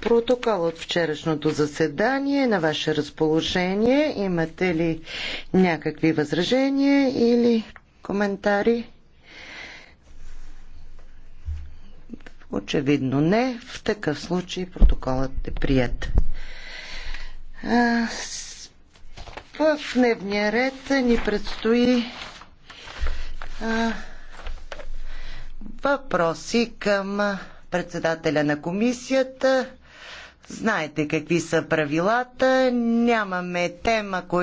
Протокол от вчерашното заседание на ваше разположение. Имате ли някакви възражения или коментари? Очевидно не. В такъв случай протоколът е прият. В дневния ред ни предстои въпроси към председателя на комисията Знаете какви са правилата. Нямаме тема, която